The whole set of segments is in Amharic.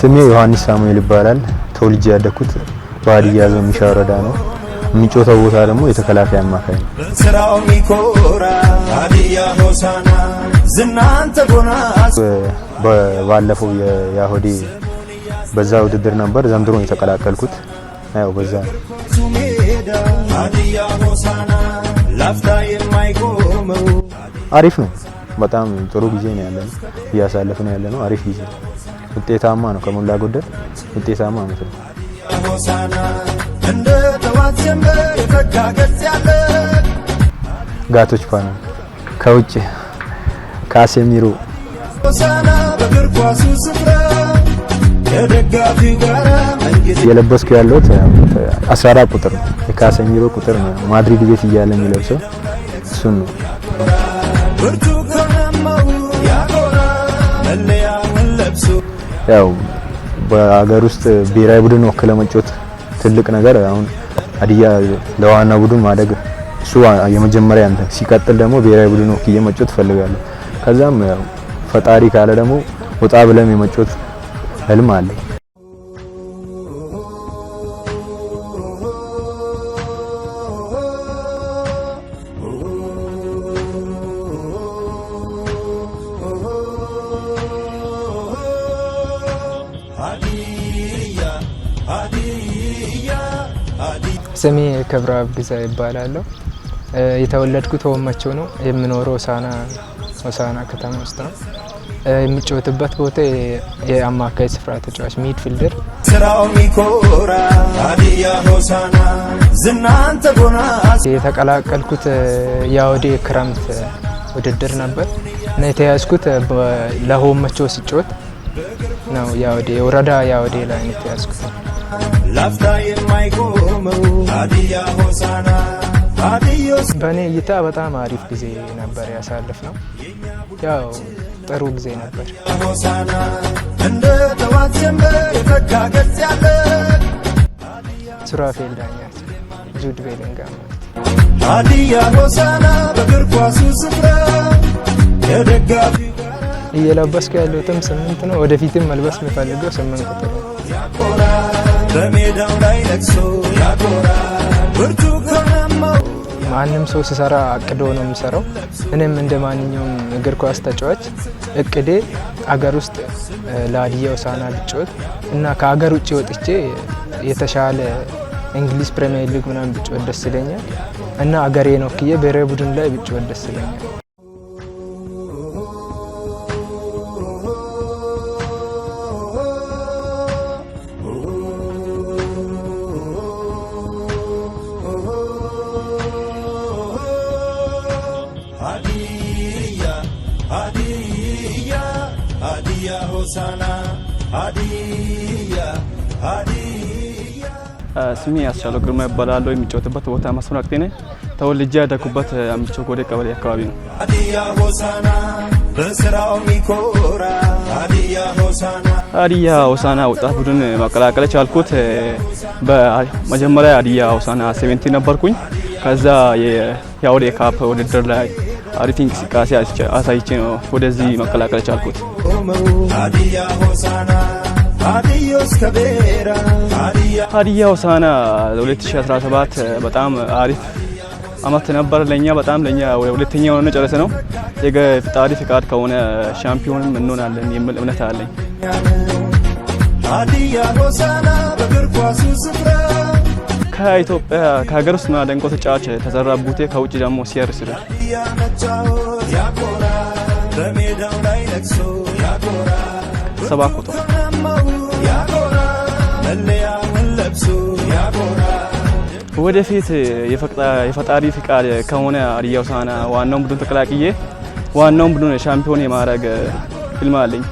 ስሜ ዮሐንስ ሳሙኤል ይባላል። ተወልጄ ያደኩት በሀዲያ ዞን ሚሻ ወረዳ ነው። የሚጮተው ቦታ ደግሞ የተከላካይ አማካይ ነው። ስራው ሚኮራ ሀዲያ ሆሳና ዝናንተ ጎና ባለፈው የያሁዲ በዛ ውድድር ነበር ዘንድሮ የተቀላቀልኩት። ያው በዛ ሀዲያ ሆሳና ላፍታ የማይቆመው አሪፍ ነው። በጣም ጥሩ ጊዜ ነው ያለ ነው ያለ ነው። አሪፍ ጊዜ ውጤታማ ነው፣ ከሞላ ጎደል ውጤታማ አመት ነው። ጋቶች ፓና ከውጭ ካሴሚሮ የለበስኩ ያለሁት 14 ቁጥር የካሴሚሮ ቁጥር ነው። ማድሪድ ቤት እያለ የሚለብሰው እሱን ነው። ያው በሀገር ውስጥ ብሔራዊ ቡድን ወክለ መጫወት ትልቅ ነገር አሁን ሀዲያ ለዋና ቡድን ማደግ እሱ የመጀመሪያ አንተ ሲቀጥል ደግሞ ብሔራዊ ቡድን ወክዬ መጫወት እፈልጋለሁ። ከዛም ያው ፈጣሪ ካለ ደግሞ ወጣ ብለም የመጫወት ህልም አለኝ። ክብረአብ ብዛ ይባላለሁ። የተወለድኩት ሆመቸው ነው። የምኖረው ሳና ሆሳዕና ከተማ ውስጥ ነው። የምጫወትበት ቦታ የአማካይ ስፍራ ተጫዋች ሚድ ፊልደር። ስራው ሚኮራ ሀዲያ ሆሳዕና ዝናንተ ጎና የተቀላቀልኩት የአውዴ ክረምት ውድድር ነበር እና የተያዝኩት ለሆመቸው ስጫወት ነው። የአውዴ ወረዳ የአውዴ ላይ የተያዝኩት ነው። ላፍታ የማይቆመው ሀዲያ ሆሳና በእኔ እይታ በጣም አሪፍ ጊዜ ነበር ያሳልፍ ነው። ያው ጥሩ ጊዜ ነበር። እንደ ጠዋት ጀንበር ገጽ ያለ ሱራፌል ዳኛት፣ ጁድ ቤሊንግሃም ሀዲያ ሆሳና በእግር ኳሱ ስፍራ የደጋፊ እየለበስኩ ያለሁትም ስምንት ነው። ወደፊትም መልበስ የምፈልገው ስምንት ቁጥር ነው። በሜዳው ላይ ለቅሶ ያጎራል ብርቱ ማንም ሰው ሲሰራ አቅዶ ነው የምሰራው። እኔም እንደ ማንኛውም እግር ኳስ ተጫዋች እቅዴ አገር ውስጥ ለሀዲያ ሆሳዕና ብጮት እና ከሀገር ውጭ ወጥቼ የተሻለ እንግሊዝ ፕሪሚየር ሊግ ምናምን ብጮት ደስ ይለኛል እና አገሬ ነው ክዬ ብሔራዊ ቡድን ላይ ብጮት ደስ ይለኛል። ስሜ ያስቻለው ግርማ ይባላለሁ። የሚጫወትበት ቦታ ማስመራቅቴ ነኝ። ተወልጄ ያደኩበት አምቾ ጎዴ ቀበሌ አካባቢ ነው። ሀዲያ ሆሳና ወጣት ቡድን መቀላቀል ቻልኩት። በመጀመሪያ ሀዲያ ሆሳና ሴቨንቲ ነበርኩኝ። ከዛ የአውዴ ካፕ ውድድር ላይ አሪፍ እንቅስቃሴ አሳይቼ ነው ወደዚህ መቀላቀል ቻልኩት። ሀዲያ ሆሳዕና 2017 በጣም አሪፍ አመት ነበር ለኛ በጣም ለኛ ሁለተኛ ሆነ ጨረሰ ነው። የፈጣሪ ፍቃድ ከሆነ ሻምፒዮንም እንሆናለን የሚል እምነት አለኝ። ከኢትዮጵያ ከሀገር ውስጥ ማደንቆ ተጫዋች ተዘራ ቡቴ፣ ከውጭ ደግሞ ሲያር ሲሉ ሰባ ቁጥር ነፍሱ ያኮራ። ወደፊት የፈጣሪ ፍቃድ ከሆነ ሀዲያ ሆሳዕና ዋናውን ቡድን ተቀላቅዬ ዋናውን ቡድን ሻምፒዮን የማድረግ ህልም አለኝ።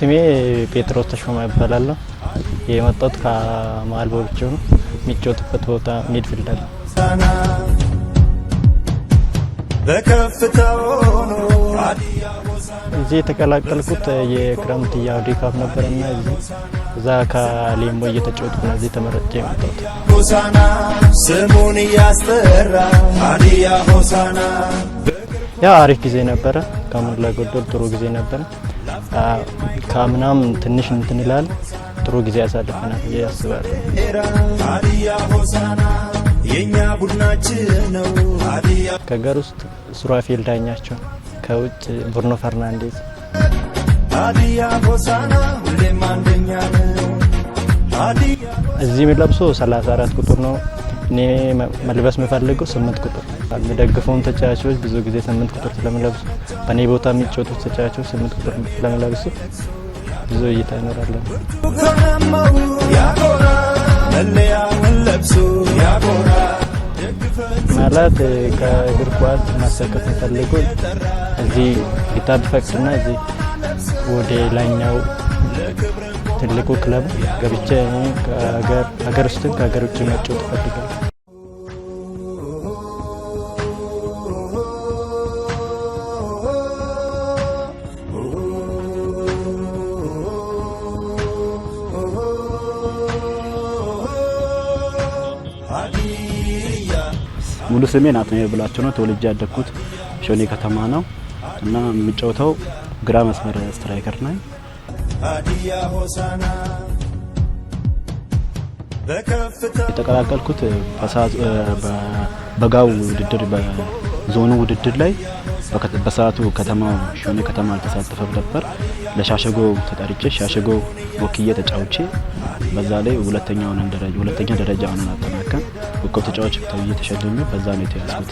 ስሜ ጴጥሮስ ተሾማ ይባላለሁ። የመጣሁት ከማል ቦልቻ ነው። የሚጫወትበት ቦታ ሚድፊልደር እዚህ የተቀላቀልኩት የክረምት የአውዲ ካፕ ነበረና እዛ ከሌምቦ እየተጫወትኩ ነው እዚህ ተመርጬ የመጣሁት። ስሙን እያስጠራ ሆሳና። ያው አሪፍ ጊዜ ነበረ፣ ከሞላ ጎደል ጥሩ ጊዜ ነበረ። ከምናም ትንሽ እንትንላል ጥሩ ጊዜ ያሳልፈናል ብዬ አስባለሁ። የኛ ቡድናችን ነው። ውስጥ ሱራፌል ዳኛቸው፣ ከውጭ ብሩኖ ፈርናንዴዝ። ሀዲያ ሆሳዕና ሁሌም አንደኛ ነው። እዚህ የሚለብሶ 34 ቁጥር ነው። እኔ መልበስ የምፈልገው ስምንት ቁጥር የምደግፈውን ተጫዋቾች ብዙ ጊዜ ስምንት ቁጥር ስለምለብሱ በእኔ ቦታ የሚጫወቱ ተጫዋቾች ስምንት ቁጥር ስለምለብሱ ብዙ እይታ ይኖራለን። ማለት ከእግር ኳስ ማሳካት ንፈልጉ እዚህ ጌታ ቢፈቅድና እዚህ ወደ ላይኛው ትልቁ ክለብ ገብቼ ሀገር ውስጥም ከሀገር ውጭ መጫወት እፈልጋለሁ። ስሜ ናትናኤል ብላቸው ነው። ተወልጄ ያደግኩት ሾኔ ከተማ ነው እና የምጫወተው ግራ መስመር ስትራይከር ነኝ። ሀዲያ ሆሳና የተቀላቀልኩት በጋው ውድድር በዞኑ ውድድር ላይ በሰዓቱ ከተማው ሾኔ ከተማ አልተሳተፈም ነበር። ለሻሸጎ ተጠርቼ ሻሸጎ ወክዬ ተጫውቼ በዛ ላይ ሁለተኛውን ደረጃ ሁለተኛ ደረጃ ሆነን አጠናቀን ኮከብ ተጫዋች ተብዬ ተሸልሜ በዛ ነው የተያዝኩት።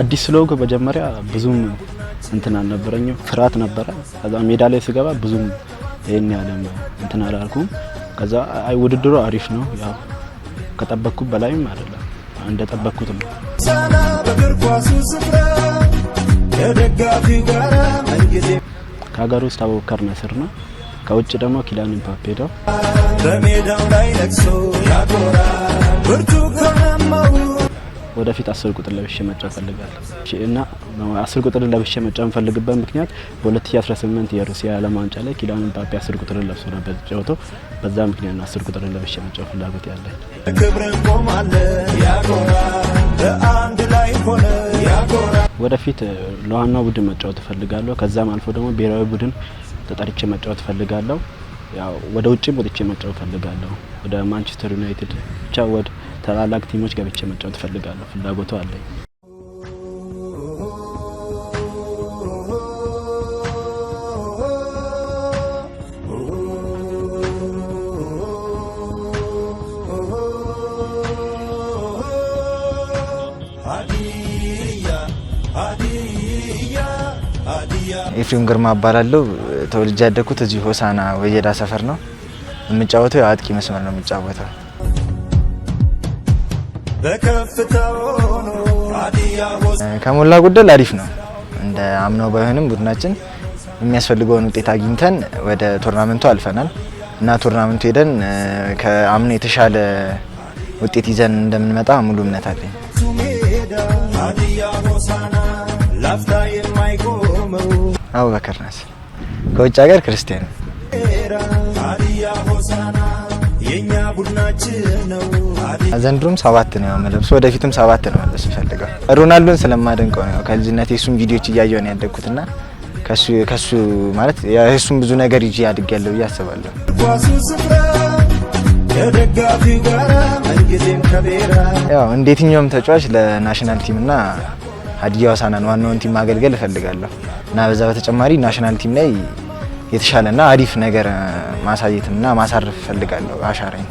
አዲስ ስለሆንኩ መጀመሪያ ብዙም እንትን አልነበረኝም፣ ፍርሃት ነበረ። ከዛ ሜዳ ላይ ስገባ ብዙም ይህን ያለም እንትን አላልኩም። ከዛ አይ ውድድሩ አሪፍ ነው፣ ያው ከጠበቅኩት በላይም አይደለም እንደጠበቅኩት ነው። ስፍራ ከሀገር ውስጥ አቡበከር ነስር ነው። ከውጭ ደግሞ ኪዳን ኤምባፔ ነው። በሜዳው ላይ ለቅሶ ያጎራ ብርቱ ወደፊት አስር ቁጥር ለብሼ መጫ ፈልጋለሁ እና አስር ቁጥር ለብሼ መጫ ፈልግበት ምክንያት በ2018 የሩሲያ ዓለም ዋንጫ ላይ ኪዳን ኤምባፔ አስር ቁጥር ለብሶ ነበር ተጫውቶ በዛ ምክንያት ነው አስር ቁጥር ለብሼ መጫ ፍላጎት ያለኝ። ክብርን ቆማለ ያጎራ በአንድ ላይ ሆነ ያጎራ ወደፊት ለዋናው ቡድን መጫወት እፈልጋለሁ። ከዛም አልፎ ደግሞ ብሔራዊ ቡድን ተጠርቼ መጫወት እፈልጋለሁ። ያው ወደ ውጭም ወጥቼ መጫወት እፈልጋለሁ። ወደ ማንቸስተር ዩናይትድ ብቻ ወደ ታላላቅ ቲሞች ገብቼ መጫወት እፈልጋለሁ። ፍላጎቱ አለኝ። ኤፍሬም ግርማ እባላለሁ። ተወልጄ ያደግኩት እዚህ ሆሳና ወየዳ ሰፈር ነው። የምጫወተው የአጥቂ መስመር ነው የምጫወተው። ከሞላ ጎደል አሪፍ ነው። እንደ አምናው ባይሆንም ቡድናችን የሚያስፈልገውን ውጤት አግኝተን ወደ ቶርናመንቱ አልፈናል እና ቶርናመንቱ ሄደን ከአምና የተሻለ ውጤት ይዘን እንደምንመጣ ሙሉ እምነት አለኝ። አቡበከር ናት። ከውጭ ሀገር ክርስቲያን ዘንድሮም ሰባት ነው መለብሶ ወደፊትም ሰባት ነው መልበስ ፈልገው። ሮናልዶን ስለማደንቀው ነው ከልጅነት የሱም ቪዲዮች እያየው ነው ና ከሱ ማለት የሱም ብዙ ነገር ይዤ ያለው ብዬ አስባለሁ። ያው እንደ ተጫዋች ለናሽናል ና ሀዲያ ሆሳዕናን ዋናውን ቲም ማገልገል እፈልጋለሁ። እና በዛ በተጨማሪ ናሽናል ቲም ላይ የተሻለና አሪፍ ነገር ማሳየትና ማሳረፍ እፈልጋለሁ አሻራኝ።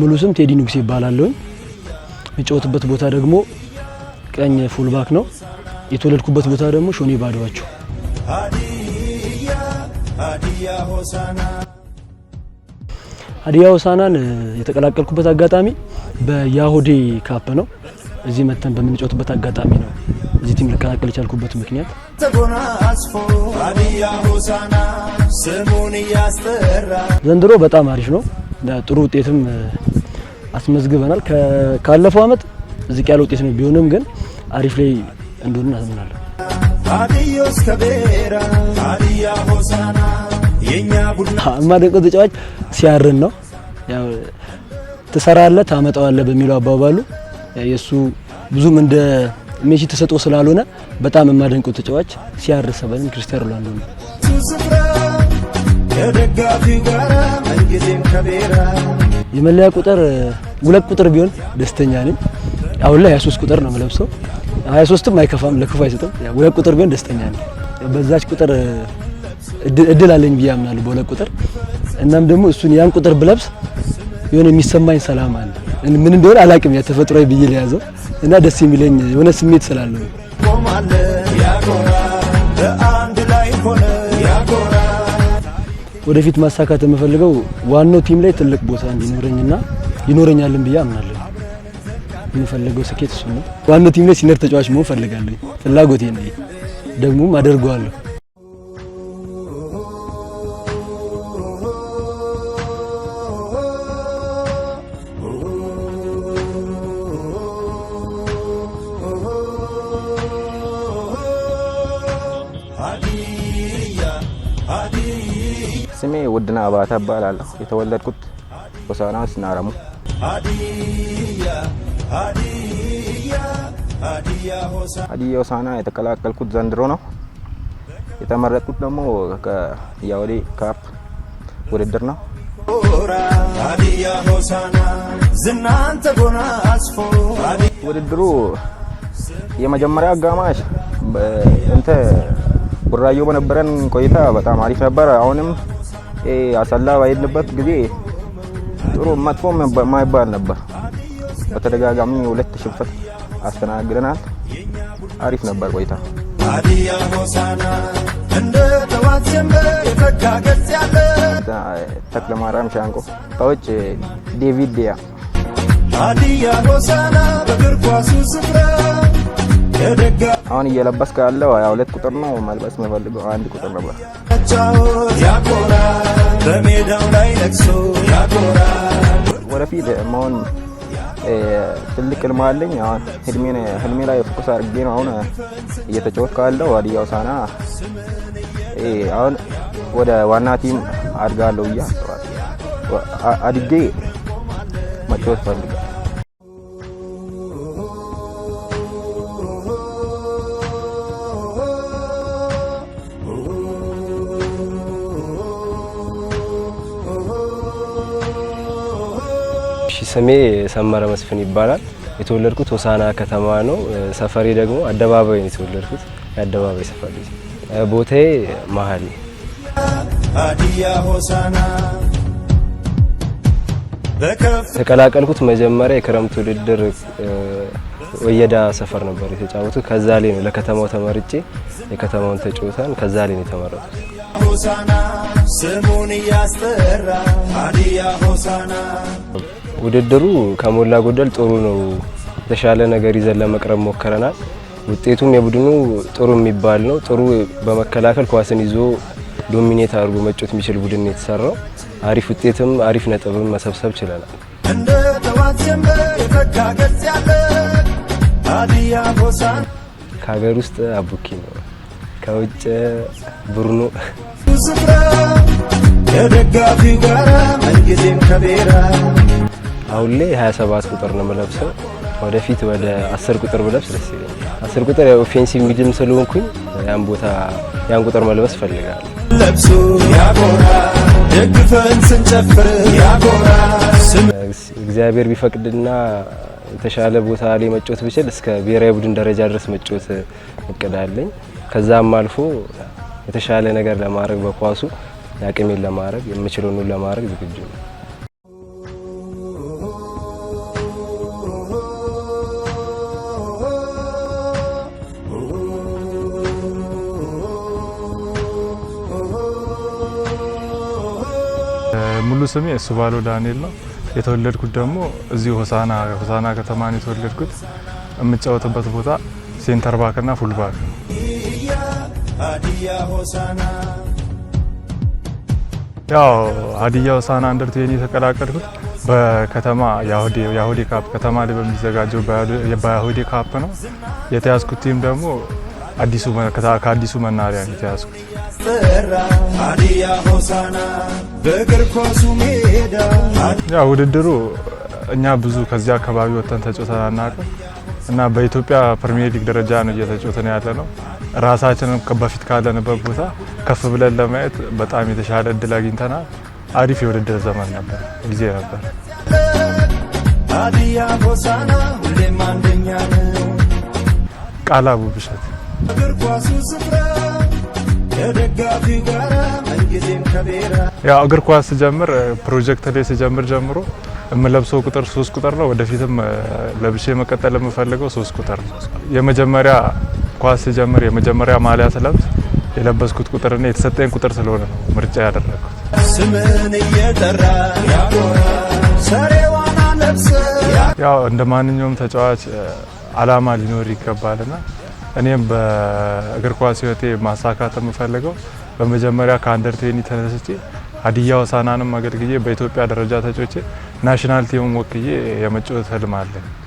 ሙሉ ስም ቴዲ ንጉሴ ይባላለሁኝ። የምጫወትበት ቦታ ደግሞ ቀኝ ፉልባክ ነው። የተወለድኩበት ቦታ ደግሞ ሾኔ ባዶዋቸው ሀዲያ ሆሳና ሀዲያ ሆሳናን የተቀላቀልኩበት አጋጣሚ በያሁዴ ካፕ ነው። እዚህ መተን በምንጫወትበት አጋጣሚ ነው እዚህ ቲም ልቀላቀል የቻልኩበት ምክንያት። ዘንድሮ በጣም አሪፍ ነው። ጥሩ ውጤትም አስመዝግበናል። ካለፈው አመት ዝቅ ያለ ውጤት ነው። ቢሆንም ግን አሪፍ ላይ እንደሆንን አዝምናለሁ። ሆሳና የማደንቀው ተጫዋች ሲያርን ነው። ትሰራለህ፣ ታመጣዋለህ በሚለው አባባሉ የእሱ ብዙም እንደ ሜሲ ተሰጥኦ ስላልሆነ በጣም የማደንቀው ተጫዋች ሲያር ሰበንን ክርስቲያን ሮናልዶ ነው። የመለያ ቁጥር ሁለት ቁጥር ቢሆን ደስተኛ ነኝ። አሁን ላይ 23 ቁጥር ነው የምለብሰው። 23ም አይከፋም፣ ለክፉ አይሰጥም። ሁለት ቁጥር ቢሆን ደስተኛ ነኝ። በዛች ቁጥር እድል አለኝ ብዬ አምናለሁ በሁለት ቁጥር። እናም ደግሞ እሱን ያን ቁጥር ብለብስ የሆነ የሚሰማኝ ሰላም አለ። ምን እንደሆነ አላቅም፣ ያ ተፈጥሯዊ ብዬ ለያዘው እና ደስ የሚለኝ የሆነ ስሜት ስላለው ወደፊት ማሳካት የምፈልገው ዋናው ቲም ላይ ትልቅ ቦታ እንዲኖረኝና ይኖረኛልን ብዬ አምናለሁ። የምፈልገው ስኬት እሱ ነው። ዋናው ቲም ላይ ሲነር ተጫዋች መሆን ፈልጋለሁ። ፍላጎቴ ነው፣ ደግሞም አደርገዋለሁ። ዋታ እባላለሁ። የተወለድኩት ሆሳና ስናረሙ ሀዲያ ሆሳና የተቀላቀልኩት ዘንድሮ ነው። የተመረጡት ደግሞ ከያወዴ ካፕ ውድድር ነው። ውድድሩ የመጀመሪያ አጋማሽ እንተ ቡራዮ በነበረን ቆይታ በጣም አሪፍ ነበር። አሁንም አሰላ ባይልበት ጊዜ ጥሩ መጥፎ የማይባል ነበር። በተደጋጋሚ ሁለት ሽንፈት አስተናግደናል። አሪፍ ነበር ቆይታ። ሀዲያ ሆሳና እንደ ተዋት ጀምበር የተካ ገጽ ያለ ተክለማርያም ሻንቆ ከውጭ ዴቪድ ዲያ ሀዲያ ሆሳና በእግር ኳሱ ስፍራ የደጋ አሁን እየለበስ ያለው ያ ሁለት ቁጥር ነው። መልበስ የምፈልገው አንድ ቁጥር ነበር። ወደፊት መሆን ትልቅ ህልም አለኝ። አሁን ህልሜ ላይ ፎከስ አድርጌ ነው አሁን እየተጫወት ካለው ሀዲያ ሆሳዕና። አሁን ወደ ዋና ቲም አድጋለሁ ብዬ አስባለሁ። አድጌ መጫወት ፈልጋለሁ። ስሜ ሰመረ መስፍን ይባላል። የተወለድኩት ሆሳና ከተማ ነው። ሰፈሬ ደግሞ አደባባይ ነው። የተወለድኩት የአደባባይ ሰፈር ቦታዬ መሀል ሀዲያ ሆሳና። ተቀላቀልኩት መጀመሪያ የክረምት ውድድር ወየዳ ሰፈር ነበር የተጫወቱት። ከዛ ላይ ነው ለከተማው ተመርጬ የከተማውን ተጫውተን ከዛ ላይ ነው የተመረጡት። ሆሳና ስሙን እያስጠራ ሀዲያ ሆሳና ውድድሩ ከሞላ ጎደል ጥሩ ነው። የተሻለ ነገር ይዘን ለመቅረብ ሞክረናል። ውጤቱም የቡድኑ ጥሩ የሚባል ነው። ጥሩ በመከላከል ኳስን ይዞ ዶሚኔት አድርጎ መጮት የሚችል ቡድን የተሰራው። አሪፍ ውጤትም አሪፍ ነጥብም መሰብሰብ ችለናል። ከሀገር ውስጥ አቡኪ ነው፣ ከውጭ ብሩኖ ጋራ ምንጊዜም ከቤራ አሁን ላይ 27 ቁጥር ነው የምለብሰው። ወደፊት ወደ 10 ቁጥር ብለብስ ደስ ይለኛል። 10 ቁጥር ያው ኦፌንሲቭ ሚድም ስለሆንኩኝ ያን ቦታ ያን ቁጥር መልበስ እፈልጋለሁ። ለብሱ ያጎራ ደግፈን ስንጨፍር ያጎራ እግዚአብሔር ቢፈቅድና የተሻለ ቦታ ላይ መጫወት ብችል እስከ ብሔራዊ ቡድን ደረጃ ድረስ መጫወት እቅዳለኝ። ከዛም አልፎ የተሻለ ነገር ለማድረግ በኳሱ ያቅሜን ለማድረግ የምችለውን ለማድረግ ዝግጁ ነው። ሙሉ ስሜ እሱ ባለው ዳንኤል ነው። የተወለድኩት ደግሞ እዚሁ ሆሳና ሆሳና ከተማ ነው የተወለድኩት። የምጫወትበት ቦታ ሴንተር ባክና ፉል ባክ። ያው ሀዲያ ሆሳና አንደር ቴኒ የተቀላቀልኩት በከተማ የአሁዴ ካፕ ከተማ ላይ በሚዘጋጀው በአሁዴ ካፕ ነው የተያዝኩት። ቲም ደግሞ ከአዲሱ መናሪያ ነው የተያዝኩት። ያ ውድድሩ እኛ ብዙ ከዚህ አካባቢ ወጥተን ተጫውተን አናውቅም እና በኢትዮጵያ ፕሪሚየር ሊግ ደረጃ ነው እየተጫወትን ያለ ነው። ራሳችንም በፊት ካለንበት ቦታ ከፍ ብለን ለማየት በጣም የተሻለ እድል አግኝተናል። አሪፍ የውድድር ዘመን ነበር፣ ጊዜ ነበር። ቃላ ቡብሸት ያው እግር ኳስ ስጀምር ፕሮጀክት ላይ ስጀምር ጀምሮ የምለብሰው ቁጥር ሶስት ቁጥር ነው። ወደፊትም ለብሼ መቀጠል የምፈልገው ሶስት ቁጥር ነው። የመጀመሪያ ኳስ ስጀምር የመጀመሪያ ማሊያ ስለብስ የለበስኩት ቁጥርና የተሰጠኝ ቁጥር ስለሆነ ነው ምርጫ ያደረግኩት። ስምን እየጠራ ያው እንደ ማንኛውም ተጫዋች አላማ ሊኖር ይገባልና እኔም በእግር ኳስ ህይወቴ ማሳካት የምፈልገው በመጀመሪያ ከአንደር ቴኒ ተነስቼ ሀዲያ ሆሳዕናንም አገልግዬ በኢትዮጵያ ደረጃ ተጫውቼ ናሽናል ወክዬ የመጫወት ህልም አለኝ።